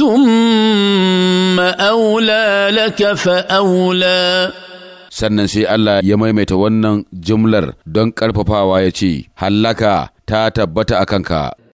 ثم أولى لك فأولى sannan sai Allah ya maimaita wannan jumlar don ƙarfafawa ya ce, Hallaka ta tabbata a kanka.